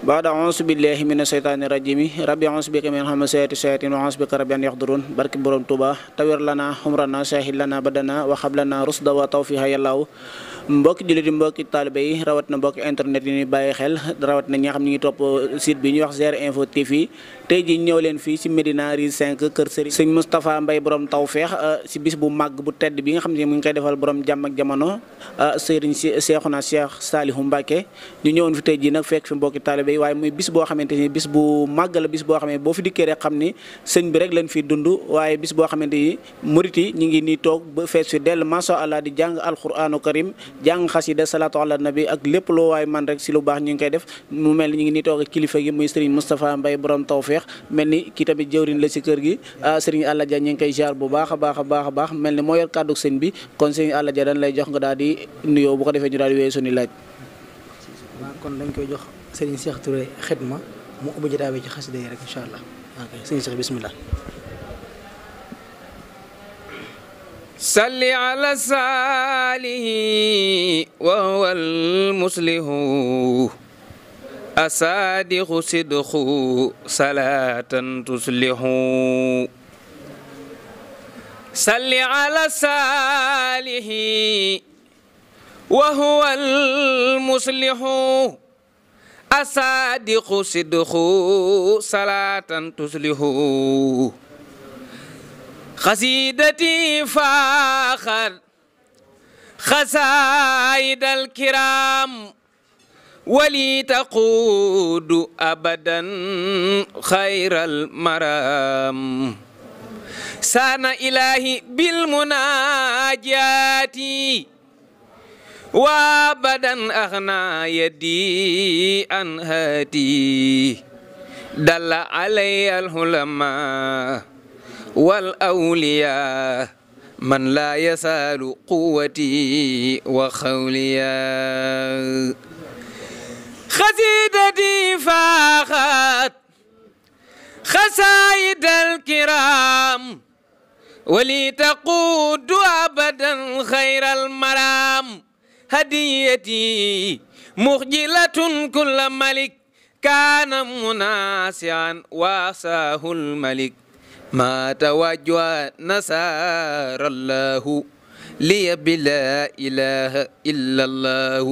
baada ausu billahi mina seytaani rajimi rabbi ausu bika min hamazaati sayaatiin wa ausu bika rabbi an yaxduruun barki borom Tuuba tawir lana xumrana saahil lana badana wa xablana rusda wa tawfiha yàllaaw mbok julit mbok talibé rawat na mbok internet ni baye xel rawat na ñi xam ñi top site bi ñuy wax GR Info TV tay ji ñew leen fi ci medina ri 5 keur Serigne Serigne mustapha mbay borom tawfiq euh, ci bis bu mag bu tedd bi nga xam ni mu ngi koy defal borom jam ak jamono euh, Serigne cheikhuna Cheikh Salihu mbake ñu ñewon fi tay ji nak fekk fi mbok talibé yi muy bis bo xamanteni bis bu mag la bis bo xamé bo fi dikké rek xam ni sëñ bi rek leen fi dundu waye bis bo xamanteni ni ñi ngi ni tok ba fees fi ma sha Allah di jang alquranu karim jàng xasida salaatu ala bi ak lépp loo waaye man rek si lu baax ñu ngi koy def mu mel ni ñu ngi ni toog ak kilifa gi muy Serigne Moustapha Mbaye borom tawfeex mel ni kii tamit jëwriñ la si kër gi ah, Serigne Alla Dia ñu ngi koy jaar bu baax a baax a baax a baax mel ni moo yor kàddu sëñ bi kon Serigne Alla Dia lay jox nga daal di nuyoo bu ko defee ñu daal di wéyee suñu laaj. waaw kon dañ koy jox Serigne Cheikh Touré xidma mu ubbi jotaay bi ci xasida yi rek incha allah ok Serigne Cheikh bismillah صل على ساله وهو المصلح أصادق صدق صلاة تصلح صل على ساله وهو المصلح أصادق صدق صلاة تصلح قصيدتي فاخر خسائد الكرام ولي تقود أبدا خير المرام سان إلهي بالمناجات وابدا أغنى يدي عن هاتي دل علي الهلما والأولياء من لا يسال قوتي وخوليا خسيدتي فاخت خسائد الكرام ولي تقود أبدا خير المرام هديتي مخجلة كل ملك كان مناسعا واساه الملك ما توجه نصار الله لي بلا إله إلا الله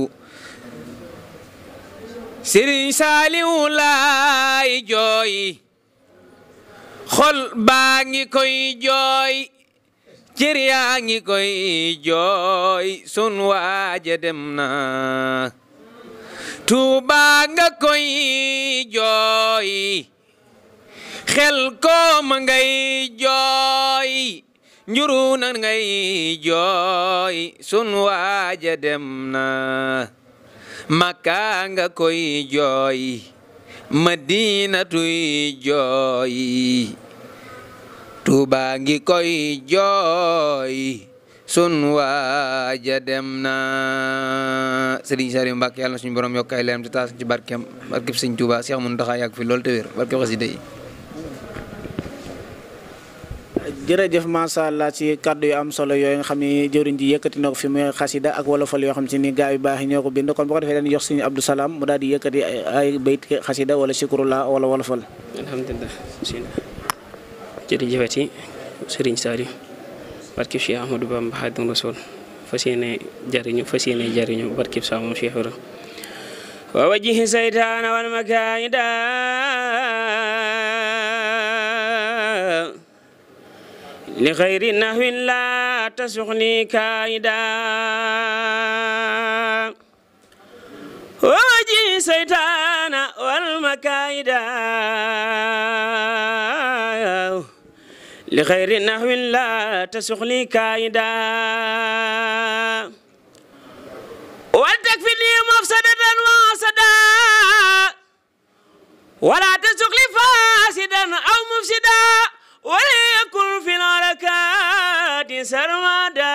sëriñ saaliwu laay jooy xol baa ngi koy jooy cër yaa ngi koy jooy sun waaja dem na tuubaa nga koy jooy xel ma ngay jooy njuru na ngay jooy sun waaja dem na makka nga koy jooy madinatuy jooy tuba ngi koy jooy sun waaja dem na Serigne Saliou Mbacké yàlla suñu borom yokk ay ci tass ci barkem barkep Serigne Touba Cheikh Mountakha fi lol te wer barkep jërëjëf macha allah ci kàddu yu am solo yoy nga xamni ni jëwriñ ji yëkkati nako fi muy xasida ak wolofal yoo xam si ni gaay yu baax ñoko bind kon bu ko defé dañ jox suñu Abdou Salam mu daal di yëkkati ay bayt xasida wala shukrullah wala wala wolofal. alhamdulilah jërëjëfati Serigne sari barkib Cheikh Ahmadou bam bahadou rasoul fasiyene jariñu fasiyene jariñu barkib sa mo Cheikh wa wajhi saytaana wal makaida لغير نهو لا تسغني كائدا وجي سيطان والمكايدا لغير نهو لا تسغني كائدا ولتكفني مفسدة وسدا ولا تسغني فاسدا أو مفسدا وليكن في الحركات سرمادا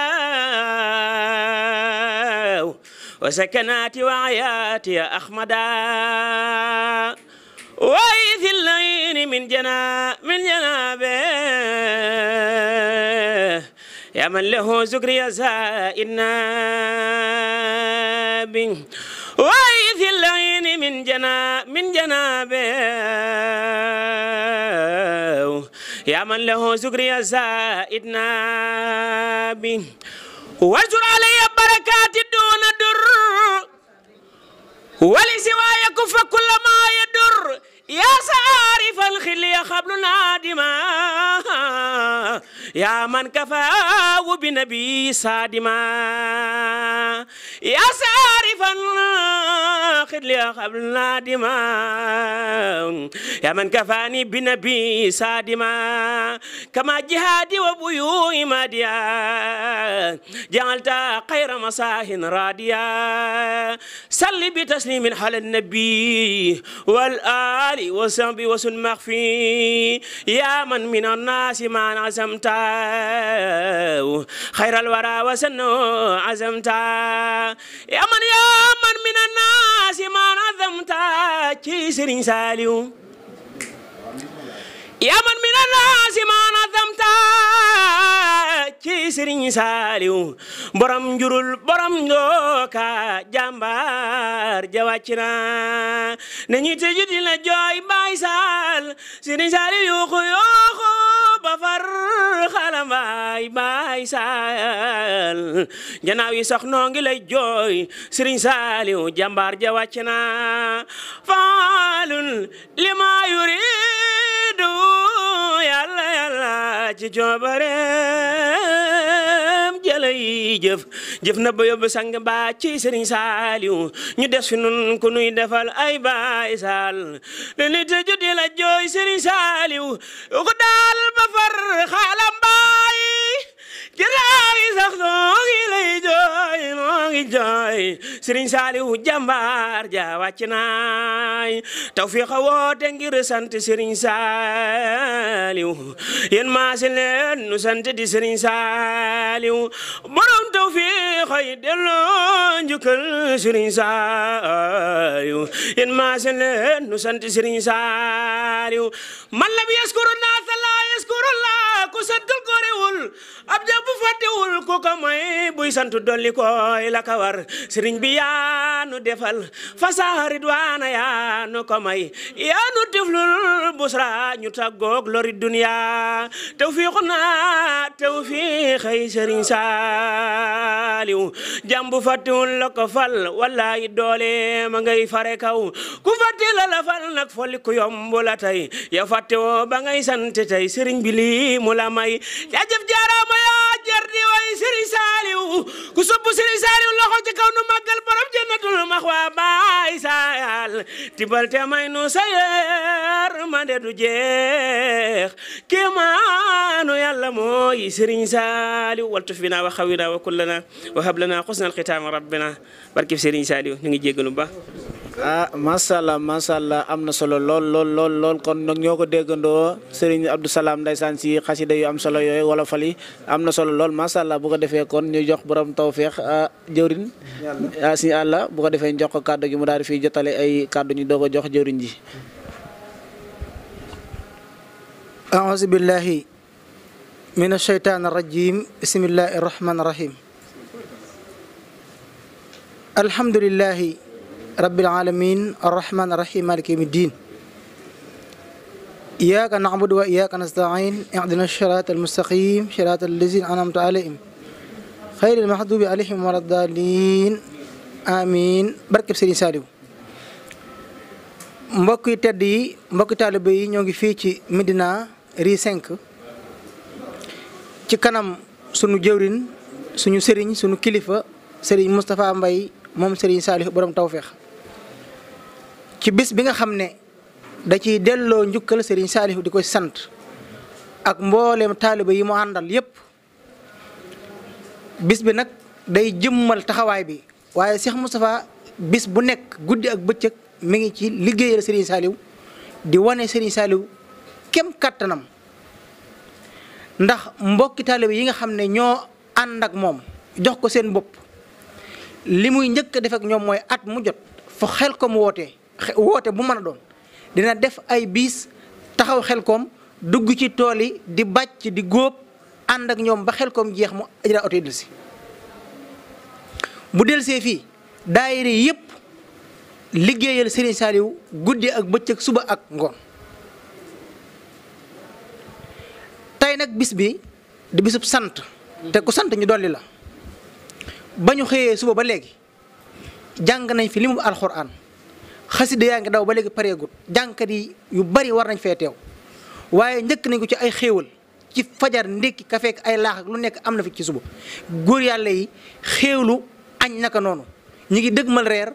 وسكنات وعيات يا أحمدا وإذ الليل من جنا من جنابه يا من له زكر يا زائناب وإذ الليل من جنا من جنابه يا من له ذكري زائدنا به واجر علي بركات دون در ولسواك فكل ما يدر يا سعارف الخلية خبل نادما يا من كفاه بنبي سادما يا سارفا خذ لي قبل نادما يا من كفاني بنبي سادما كما جهادي وبيوي ماديا جعلت خير مساه راديا سل بتسليم على النبي والآل وصحبه وسلم مخفي يا من من الناس ما عزمتا تشاء خير الورى وسنه عزمتا يا من يا من saaliw borom njurul borom njooka jàmbaar ja na ne ñuy tëju jooy baay saal sëriñ saaliw yuuxu yuuxu ba far yi sax noo ngi lay jooy sëriñ saaliw jàmbaar ja wàcc na faalun li ma yuridu yàlla yàlla jëf jëf na ba yóbbu sang ba ci sëriñ saaliw ñu des fi nun ku nuy defal ay baay saal li nit a juddi la jooy sëriñ saaliw ko daal ba xaalam baay ginnaaw yi sax noo ngi lay jooy noo ngi jooy Serigne Saliou jàmbaar ja wàcc naay tawfiq sant Serigne Saliou yéen maa leen nu sant di Serigne Saliou borom tawfiq yi delloo njukkal laa ku santul ab ja bu fàttewul ku ko moy buy sant dolli koy la ka war sëriñ bi yaa nu defal fasaa ridwaana yaa nu ko tiflul busra ñu tàggoog lori dunya tawfiixu na tawfiixay sëriñ saaliw jàm bu fàttewul ko fal wallaay doole ma ngay fare kaw ku fàtte la la fal nag folli ku yomb la tey ya fàttewoo ba ngay sant tey sëriñ mu la may jaajëf jaaraama yaa jar di way Serigne Saliou ku sopp Serigne Saliou loxo ci kaw nu màggal borom maxwa baay saayal tibal te may nu sayer ma de du jeex kéemaanu yàlla mooy Serigne Saliou waltuf bina wa xawina wa kullana wa hablana rabbina barkib Serigne Saliou ñu ngi ba ah masala amna solo lol lol lol lol kon nak ñoko deggando Serigne Abdou Salam ndaysan ci khassida yu am solo yoy wala fali amna solo lol macha bu ko defé kon ñu jox borom tawfiq ah jëwrin ah si àlla bu ko defé ñu jox ko kàddu gi mu daal fi fiy jotale ay kàddu ñu dogo jox jeurin ji. a'udhu billahi minash shaitanir rajim bismillahir rahmanir rahim alhamdulillahi رب العالمين الرحمن الرحيم مالك يوم الدين إياك نعبد وإياك نستعين اعدنا الصراط المستقيم صراط الذين أنعمت عليهم خير المحدوب عليهم ولا الضالين آمين بركب سيرين سالو mbokk yi tedd yi نيوغي taalibe yi ñoo ngi Médina Rue 5 ci kanam sunu jëwrin suñu sëriñ suñu kilifa sëriñ Moustapha Mbaye moom sëriñ Saliou borom ci bis bi nga xam ne da ciy delloo njukkal Serigne Saliou di koy sant ak mbooleem taaliba yi mu àndal yépp bis bi nag day jëmmal taxawaay bi waaye Cheikh Moustapha bis bu nekk guddi ak bëccëg mi ngi ci liggéeyal Serigne Saliou di wane Serigne saaliw kem kattanam ndax mbokki taalibe yi nga xam ne ñoo ànd ak moom jox ko seen bopp li muy njëkk a def ak ñoom mooy at mu jot foo xel ko mu wootee woote bu mën a doon dina def ay biis taxaw xelkom dugg ci tool yi di bàcc di góob ànd ak ñoom ba xelkom jeex mu ajra oto delsi bu delsee fii daayira yëpp liggéeyal Serigne Saliou guddi ak bëccëg suba ak ngoon tey nag bis bi di bisub sant te ku sant ñu dolli la ba ñu xëyee suba ba léegi jàng nañ fi limu mu alxuraan xasida yaa ngi daw ba léegi pareegut jànkat yi yu bari war nañ fee teew waaye njëkk nañ ko ci ay xéewal ci fajar ndékki ka fekk ay laax ak lu nekk am na fi ci suba góor yàlla yi xéewlu añ naka noonu ñu ngi dëgg dëgmal reer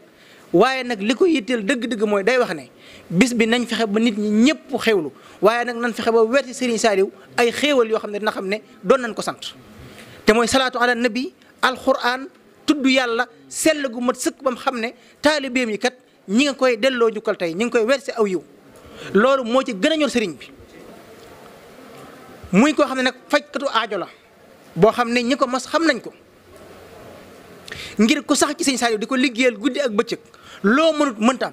waaye nag li ko yitteel dëgg-dëgg mooy day wax ne bis bi nañ fexe ba nit ñi ñëpp xewlu waaye nag nañ fexe ba weerti Serigne Saliou ay xéewal yoo xam ne dina xam ne doon nañ ko sant te mooy salaatu ala nabi alquran tudd yàlla sell gu sëkk bam xam ne taalibeem yi ñi nga koy delloo jukkal tey ñi ngi koy si aw yiw loolu moo ci gën a ñor sëriñ bi muy koo xam ne nag fajkatu aajo la boo xam ne ñi ko mos xam nañ ko ngir ko sax ci sëñ Saliou di ko liggéeyal guddi ak bëccëg loo mënut mëntaam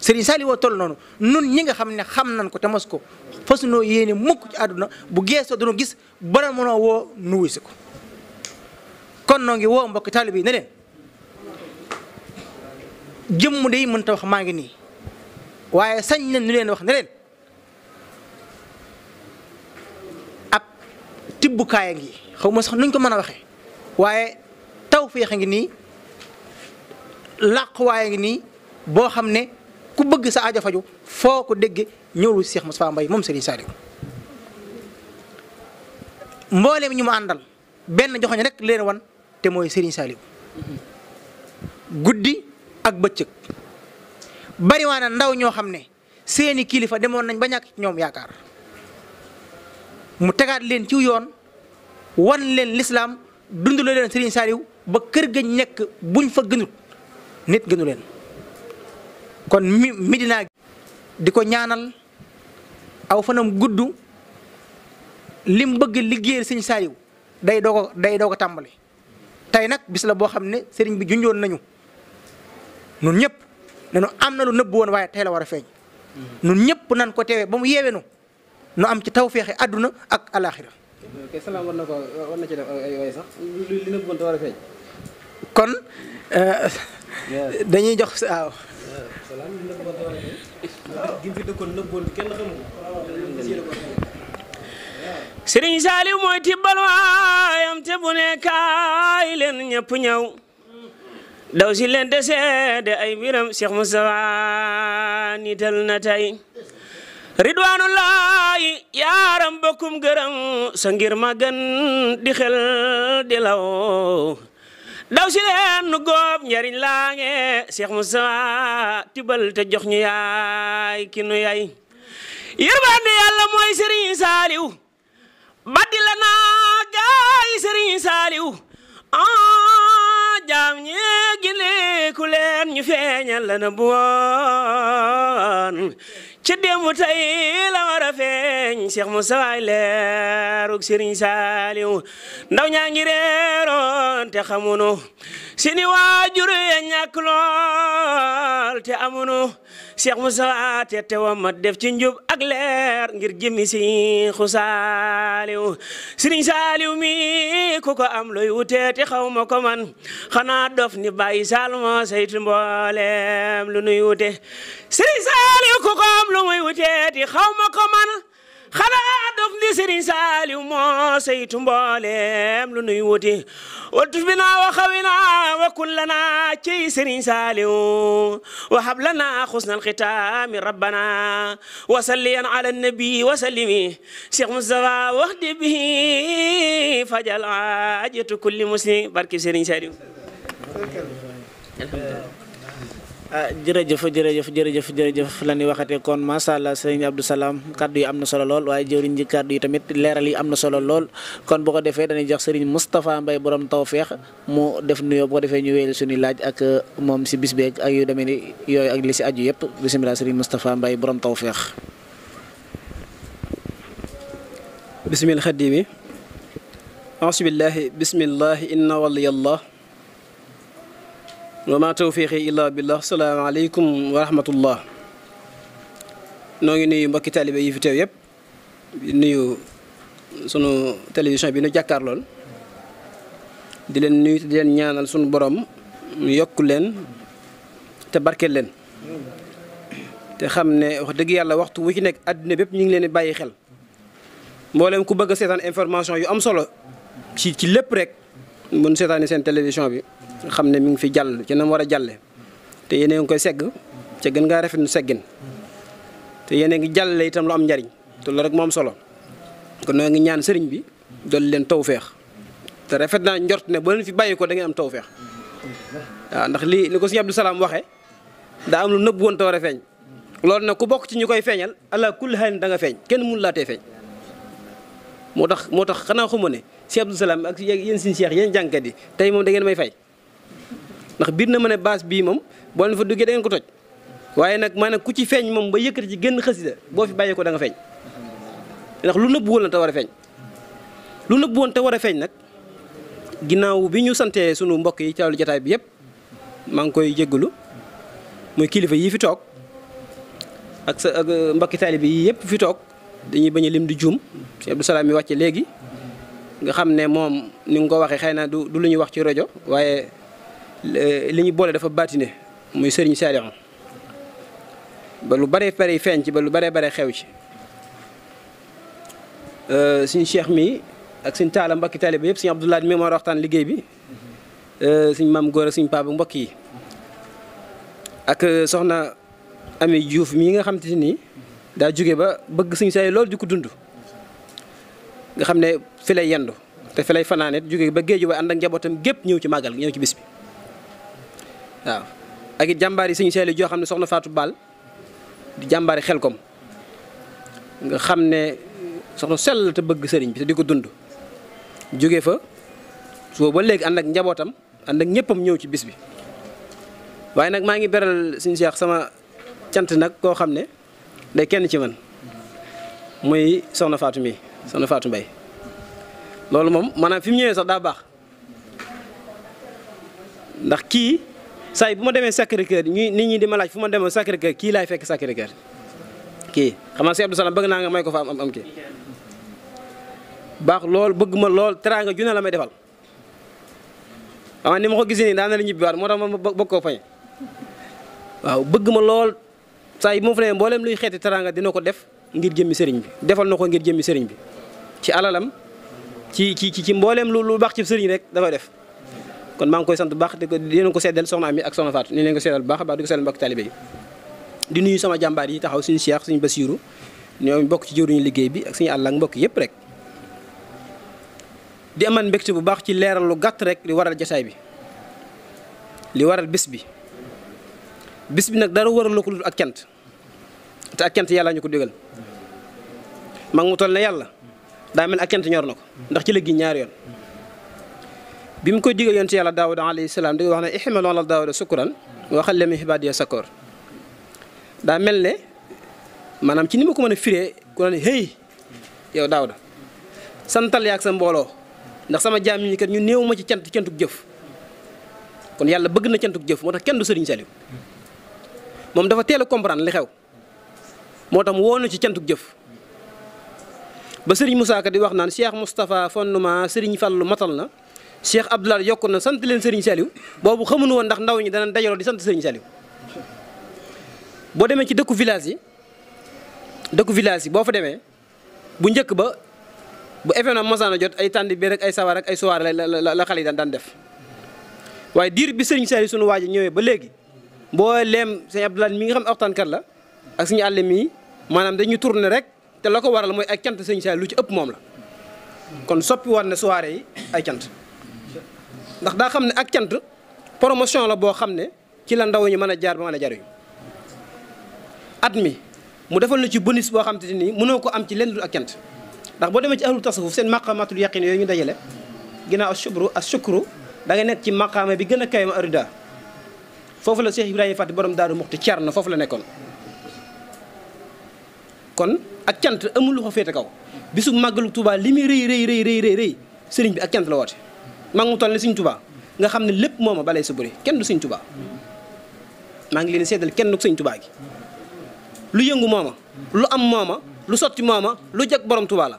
sëriñ Saliou woo toll noonu nun ñi nga xam ne xam nañ ko te mos ko fas noo yéene mukk ci àdduna bu geesoo dunu gis bara mënoo woo nu wuy si ko kon noo ngi woo mbokk taalibe yi ne leen jëmm day mënta wax maa ngi nii waaye sañ na ñu leen wax ne leen ab tibbukaay a ngi xaw ma sax nuñ ko mën a waxee waaye taw féex a ngi nii làquwaay a ngi nii boo xam ne ku bëgg sa aajo faju foo ko dégg ñëwul Cheikh Moustapha mbay moom Serigne mboole mbooleem ñu mu àndal benn joxoñ rek leen wan te mooy Serigne Saliou ak bëccëg bariwaa na ndaw ñoo xam ne seeni kilifa demoon nañ ba ñàkk ñoom yaakaar mu tegaat leen ci yoon wan leen lislaam dund la leen Serigne Saliou ba kër ga ñekk buñ fa gënut nit gënu leen kon mi Medina di ko ñaanal aw fanam gudd lim bëgg liggéeyal Serigne Saliou day doo ko day doo tàmbali tey nag bis la boo xam ne sëriñ bi junjoon nañu nun ñëpp nanu am na lu nëbb woon waaye tey la war a feeñ nun ñëpp nan ko teewee ba mu yeewee nu am ci tawféexe àdduna ak alaaxira na ko war na a feeñ kon euh, dañuy jox waaw sëriñ Saaliw tibbal waayam te bu kaay leen ñëpp ñëw daw si leen te seede ay mbiram Cheikh Moustapha nital na tey ridwaanullaahi yaaram bokkum gërëm sa ngir ma gën di xel di law daw si leen nu góob njariñ laa nge Cheikh Moustapha tibal te jox ñu yaay ki nu yaay yërmande yàlla mooy sëriñ saaliw baddi la naa gaay sëriñ saaliw ah jaam ñi yeeku leen ñu feeñal la na bu woon ci démb tey la war a feeñ Cheikh mu waay leerug Serigne Saliw ndaw ñaa ngi reeroon te xamunu sini waajur ya ñàkk lool te amunu Cheikh Moussa te teewa ma def ci njub ak leer ngir jëmi Seexu Saaliw Sëriñ Saaliw mi ku ko am looy wuteeti xaw ma ko man xanaa dof ni bàyyi saal ma saytu mboolem lu nuy wute Sëriñ Saaliw ku am lu muy wuteeti xaw ma xanaa dog li sëriñ saaliw moo saytu mbooleem lu nuy wuti watuf bi naa wa xawina wa kullana ciy sëriñ saaliw wa hablana xusnal xitaami rabbana wa salliyan ala nabi wa sallimi cheikh moustapha wax di bi fajal ajatu kulli muslim barki sëriñ saaliw Ah, jerejeuf jerejeuf jerejeuf jerejeuf lani waxate kon ma sha allah serigne Abdou Salam kaddu yi amna solo lol waye jëwriñ ji kaddu yi tamit leral yi amna solo lol kon bu ko defé dañuy jox serigne mustapha mbay borom tawfiq mu def nuyo bu ko defé ñu wéyal suñu laaj ak euh, mom ci bis ak yu demé ni yoy ak li ci aju yépp bismillah serigne mustapha mbay borom bismillah khadimi a'udhu billahi bismillah inna waliyallah. وما توفيقي إلا بالله السلام عليكم ورحمة الله نوعي نيو مكي تالي بي في تيويب نيو سنو تلفزيون بي نجا كارلون دلن نيو تدين نيانا سنو بروم يوكو لين تباركي لين تخمني وخدق يالا وقت وحينك أدن بيب نيو لين باي خل مولم كو بغا سيطان انفرماشن يو أم سولو كي لبرك من سيطاني سن تلفزيون بي xam ne mi ngi fi jàll ci na mu war a jàlle te yéen a ngi koy segg ca gën ngaa rafet nu seggin te yéen a ngi jàlle itam lu am njariñ te loolu rek moom solo kon noo ngi ñaan sëriñ bi dool leen feex te rafet naa njort ne ba leen fi bàyyi ko da ngeen am tawféex waaw ndax lii ni ko sëñ Abdou Salaam waxee daa am lu nëbb woon te war a feeñ loolu nag ku bokk ci ñu koy feeñal ala kulli xel ne danga feeñ kenn mënu laa tee feeñ moo tax moo tax xanaa xuma ne sëñ Abdou Salaam ak yéen sëñ Cheikh yéen jànkat yi tey moom da ngeen may fay ndax biir na ma ne baas bii moom boo leen fa duggee da ko toj waaye nag maanaam ku ci feeñ moom ba yëkkati ci génn xasida boo fi bàyyi ko da feeñ ndax lu nëbbu woon war a feeñ lu nëbbu woon a feeñ nag ginnaaw bi ñu santee sunu mbokk yi cawlu jotaay bi yëpp maa ngi koy jéggalu muy kilifa yii fi toog ak sa ak euh, mbokki taalibe yii yëpp fi toog dañuy bañ a lim di juum si Abdou Salaam yi wàcce léegi nga xam ne moom ni nga ko waxee xëy na du du lu ñuy wax ci rajo waaye li ñu boole dafa baatine muy sëriñ Saliou ba lu bare bare feeñ ci ba lu bare bare xew ci euh, suñu cheikh mii ak suñ taala mbokki taaliba yëpp suñu Abdoulaye mi moo waxtaan liggéey bi suñ maam góor ak suñ papa mbokk yi ak euh, soxna Ami Diouf mii nga xam te nii daa jóge ba bëgg suñ say loolu di ko dund nga xam ne fi lay yendu te fi lay fanaane jóge ba géeju ba ànd ak njabootam gépp ñëw ci màggal ñëw ci bis bi waaw ak it jàmbaar yi suñu seel bal, soxna Fatou Ball di jambari xelkom nga xamne soxna sel te bëgg seigne bi te di dund joge fa so ba leg ànd ak njabootam ànd ak ñëppam ci bis bi waye nak ma ngi beral seigne cheikh sama tiant nak ko xamne day kenn ci man muy soxna Fatou mi soxna Fatou mbay loolu mom manam fi ñewé sax da bax ndax ki say bu ma demee Sacré-Cœur ñuy nit ñi di ma laaj fu ma demoon Sacré-Cœur kii fekk Sacré-Cœur kii xam nga Cheikh Abdou Salam bëgg naa nga may ko fa am am kii baax lool bëgg ma lool teraanga junne la may defal waaw ni ma ko gisee nii daan na la ñibbiwaat moo tax ma bëgg koo fañ waaw bëgg ma lool saa yi bu ma fa nee mboolem luy xeeti teraanga dina ko def ngir jëmmi sëriñ bi defal na ko ngir jëmmi sëriñ bi ci alalam ci ci ci mbooleem lu lu baax ci sëriñ rek dafa def kon mang koy sant bax baax di ko di leen ko seddal soxna mi ak soxna fat ni len ko seddal bax ba a baax di ko seddal mbokk talibé di nuyu sama jambar yi taxaw suñu Cheikh suñu Basiiru ñoom bok ci jëwriñu liggéey bi ak suñu allah ak mbokk yëpp rek di amane mbekté bu bax ci léral lu gatt rek li waral jassay bi li waral bis bi bis bi nak dara waral ko lu ak kent ta ak cant yàlla ñu ko digal mag mu toll ne da daa mel ak cant ñor nako ndax ci léegi ñaar yoon bi mu ko digal yonent yàlla daawuda alayhi salaam di wax ne ihmalu ala daawuda sukkuran waxal leen ibaadiya sakoor daa mel ne maanaam ci ni ma ko mën a firee ku ne hey yow daawuda santal ak sa mbooloo ndax sama jaam ñi kat ñu néew ma ci cant cantu jëf kon yàlla bëgg na cantu jëf moo tax kenn du sëriñ Saliou moom dafa teel a comprendre li xew moo tax mu woo na ci cantu jëf ba sëriñ Moussa Ka di wax naan Cheikh Moustapha fondement sëriñ Fallou matal na Cheikh Abdoulaye yokku na sant leen Serigne Saliou boobu xamuñu woon ndax ndaw ñi danañ dajaloo di sant Serigne Saliou boo demee ci dëkku village yi dëkku village yi boo fa demee bu njëkk ba bu événement masaana jot ay tàndi bi rek ay sawar ay soir la la la xale yi daan def waaye diir bi Serigne Saliou sunu waaj ñëwee ba léegi boo leem Serigne Abdoulaye mi nga xam waxtaankat la ak suñu àll mii maanaam dañuy tourner rek te la ko waral mooy ay cant Serigne Saliou lu ci ëpp moom la kon soppi na soirée ay cant. ndax daa xam ne ak cant promotion la boo xam ne ci la ndaw ñu mën a jaar ba mën a jariñu at mi mu defal na ci bonus boo xam te nii mënoo ko am ci lenn dul ak cant ndax boo demee ci ahlul tasawuf seen maqamatul yaqin yooyu ñu dajale ginnaaw a shukru a shukru da nekk ci maqaama bi gën a kawe ma arida foofu la Cheikh Ibrahima boroom borom daaru muxti cer na foofu la nekkoon kon ak cant amul lu ko féete kaw bisu màggalu Tuubaa li muy rëy rëy rëy sëriñ bi ak cant mag mu toll ni Sëñ Tuubaa nga xam ne lépp mooma balee sa bëri kenn du suñ Tuubaa maa ngi leen seddal kenn du Sëñ Tuubaa gi lu yëngu mooma lu am mooma lu sotti mooma lu jag borom tubaa la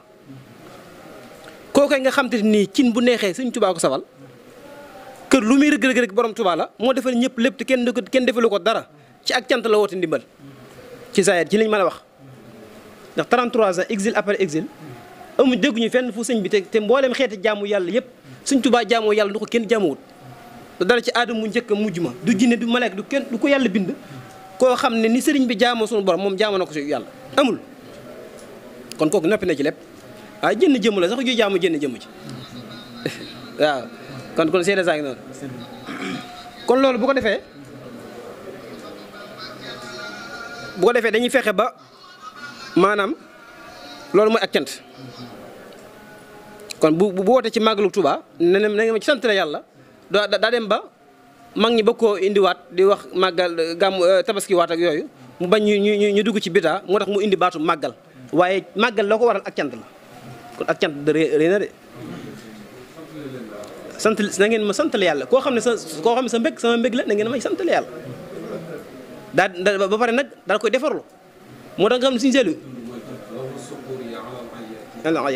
kookoy nga xam te nii cin bu neexee Sëñ Tuubaa ko sawal kër lu muy rëg-rëg rek borom Tuubaa la moo defal ñëpp lépp te kenn kenn defalu ko dara ci ak cant la woote ndimbal ci sayet ci lañ mën a wax ndax 33 ans exil après exil amuñ dégguñu fenn fu sëñ bi te te mbooleem xeeti jaamu yàlla yëpp suñ tubaa jaamoo yàlla du ko kenn jaamoowut dara ci aadama mu njëkk mujj ma du ginne du malaak du kenn du ko yàlla bind koo xam ne ni sëriñ bi jaamoo suñu borom moom jaamoo na ko si yàlla amul kon kooku noppi na ci lépp waaw jënn jëmm la sax ju jaamu jënn jëmm ci waaw kon kon loolu bu ko defee bu ko defee dañuy fexe ba maanaam loolu mooy ak cant kon bu bu wootee ci màggalu Touba ne na nga ma ci sant la yàlla daa dem ba mag ñi bëgg koo indiwaat di wax màggal gàmm euh, tabaski waat ak yooyu mu bañ ñu ñu ñu dugg ci bitaa moo tax mu indi baatu màggal waaye màggal loo ko waral ak cant la kon ak cant de rëy na de. sant na ngeen ma sant yàlla koo xam ne sa koo xam ne sa mbég sama mbég la na ngeen may sant la yàlla daa ba pare nag daal koy defarlu moo tax nga xam ne suñu al ma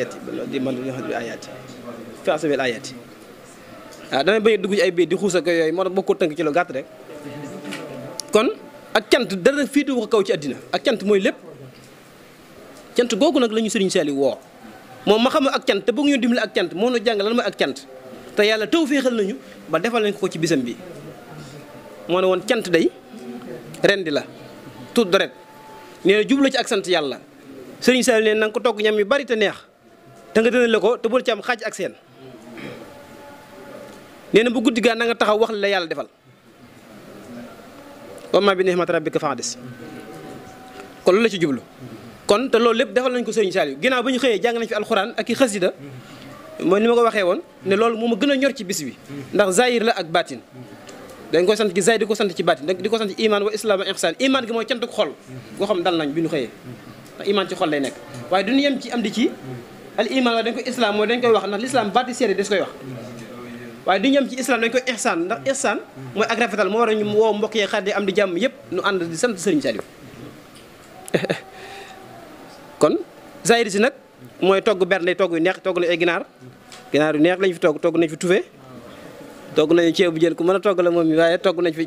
di man bi ayati fi asabil ayati waaw ah, damay bañ a dugg ay biir di xuus ak yooyu moo bokkoo tënk ci lu gàtt kon ak cant dara fiitu ko kaw ci àddina ak cant mooy lépp cant googu nag la ñu sëriñ Saliou woo moom ma xam ak cant te bëgg ñu dimbali ak cant moo nu jàng lan ak cant te yàlla tawféexal nañu ba defal nañ ko ci bisam bi moo ne woon cant day rendi la tudd deret nee na ci ak sant yàlla sëriñ Saliou leen na nga ko togg ñam yu bari te neex te nga dënal la ko te bul ci am xaaj ak seen nee na bu guddi gaa na nga taxaw wax la yàlla defal wammaa bi ni'mati rabbika fahadis kon loolu la ci jublu kon te loolu lépp defal nañ ko sëriñ Saliou ginnaaw ba ñu xëyee jàng nañ fi alxuraan ak i xasida mooy ni ma ko waxee woon ne loolu moo ma gën a ñor ci bis bi ndax zahir la ak baatin dañ koy sant gi zahir di ko sant ci baatin di ko sant ci iman wa islam wa ihsan iman xam dal nañ bi ñu xëyee iman ci xol lay nek waaye duñu yem ci am di ci al iman dañ ko islam mo dañ wax l'islam des koy wax duñu yem ci islam dañ koy ihsan ndax ihsan moy ak rafetal mo war zahir togg neex togg neex lañ fi togg togg nañ fi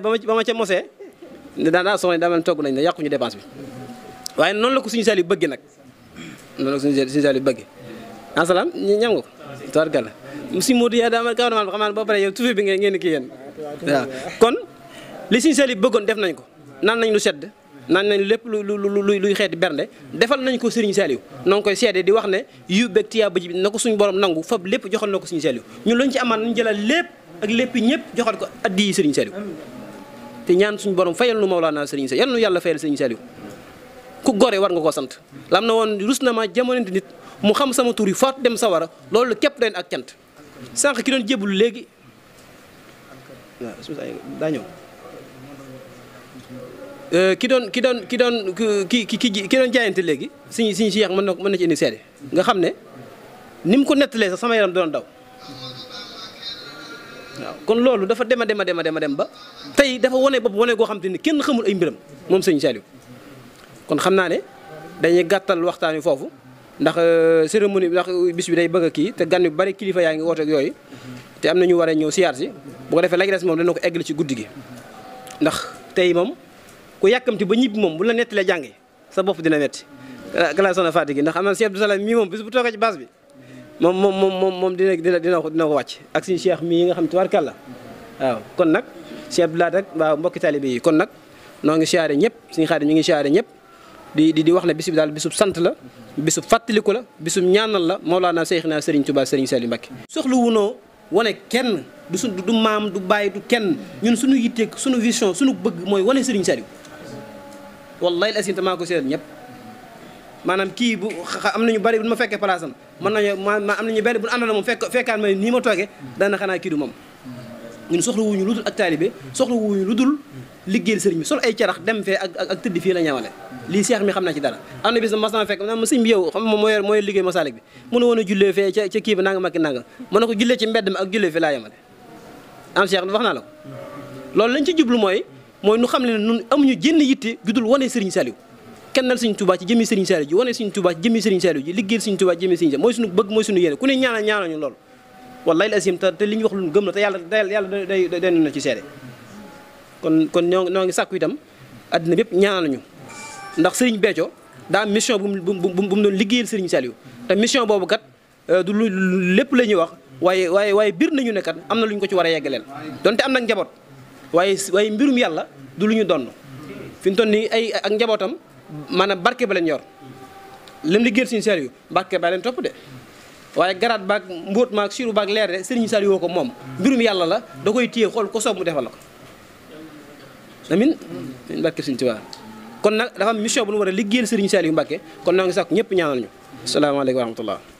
togg ku daa daa soxna daa mel togg nañ ne yàquñu dépense bi waaye noonu la ko suñu saal yi bëgge nag noonu la ko si saal yi bëgge asalaam ñam nga ko tawarkalla si Modou yaa daa ma kaw na xam naa ba pare yow tufe bi ngeen ngeen kii kon li suñu saal bëggoon def nañ ko naan nañ lu sedd naan nañ lépp lu lu lu luy xeeti bernde defal nañ ko Serigne ñu noo ngi koy seede di wax ne yu beeg tiyaa ba bi na ko suñu borom nangu fab lépp joxal na ko Serigne Saliou ñun lañ ci amaan nañ jëlal lépp ak lépp ñëpp joxal ko addi yi Serigne Saliou te ñaan suñu borom fayal nu Maulana Serigne Saliou yal nu yàlla fayal Serigne Saliou ku gore war nga ko sant lam na won rusna ma jamonent nit mu xam sama tour yi faatu dem sawara loolu kep dañ ak tiant sank ki doon jébul léegi waaw daa ñëw euh, ki doon ki doon ki doon ki ki ki doon jaayante léegi Serigne Serigne Cheikh man mën na na ci indi sédé nga xam ne ni ko nettalee sa sama yaram doon daw kon loolu dafa dema dema dema dema dem ba tay dafa woné bop woné go kenn xamul ay mbiram kon dañuy gattal waxtani fofu ndax euh, cérémonie ndax bis bi day bëgg a té te yu bari kilifa yaa ngi ak yoy té amna ñu a ñëw siyaar bu ko défé la des mom dana ko eggal ci guddi ndax tay mom ku yakamti ba ñib mom bu la nettalee jàngi sa bop dina sona ndax amna Cheikh mi mom bis bu ci bi mom mom mom dina dina dina ko wacc ak cheikh nga waaw kon Cheikh Abdou Lahad ak waaw mbokki taalibe yi kon nag noo ngi siyaare ñëpp suñu xaar ñu ngi siyaare ñëpp di di di wax ne bis bi daal bisub sant la bisub fàttaliku la bisub ñaanal la Mawlaana Seyxinaa Serigne Touba Serigne Saliou Mbacké soxlu wunoo wane kenn du suñ du maam du bàyyi du kenn ñun suñu yitteeg suñu vision suñu bëgg mooy wane Serigne Saliou wallahi la asinta maa ko seetal ñëpp maanaam kii bu am nañu bari bu ma fekkee place am mën nañu ma am nañu bari bu àndoon moom fekk fekkaan ma nii ma toogee dana xanaa kii du moom ñun soxla wuñu lu dul ak taalibe soxla wuñu lu dul liggéeyal sëriñ bi sol ay carax dem fee ak tëdd fii la ñaawale lii seex mi xam naa ci dara am na bis na masan fekk ma sëñ bi yow xam moo yor a jullee fee ca kii ba nanga makki nanga mu ne ko jullee ci mbedd mi ak jullee fii laa yemale am seex wax naa la ko loolu lañ ci jublu mooy mooy nu xam ne nun amuñu jénn yitte ju dul wane sëriñ Saliou kennal sëriñ Touba ci jëmi ci jëmi sëriñ Saliou ji liggéeyal sëriñ Touba ci jëmi wallaay la asim te te li ñu wax lu gëm la te yàlla yàlla day day na ci seede kon kon ñoo noo ngi sàkku itam àddina bépp ñaanal ñu ndax Serigne Béthio daa am mission bu mu bu mu doon liggéeyal Serigne Saliou te mission boobu kat euh, du lu lépp la ñuy wax waaye waaye waaye biir nañu ne kat am na lu ñu ko ci war a yeggaleel donte am na njaboot waaye waaye mbirum yàlla du lu ñu donn fi mu toll nii ay ak njabootam maanaam barke ba leen yor lim liggéeyal Serigne Saliou barke ba leen topp de. waaye garaat baag mbóot maag siru baag leer de sëriñ Saliou ko moom mbirum yàlla la da koy téye xool ko soob mu defal la ko amin min barke sëriñ Tuubaa kon nag dafa am mission bu nu war a liggéeyal sëriñ Saliou Mbacke kon noo ngi sax ñëpp ñaanal ñu asalaamaaleykum wa rahmatullah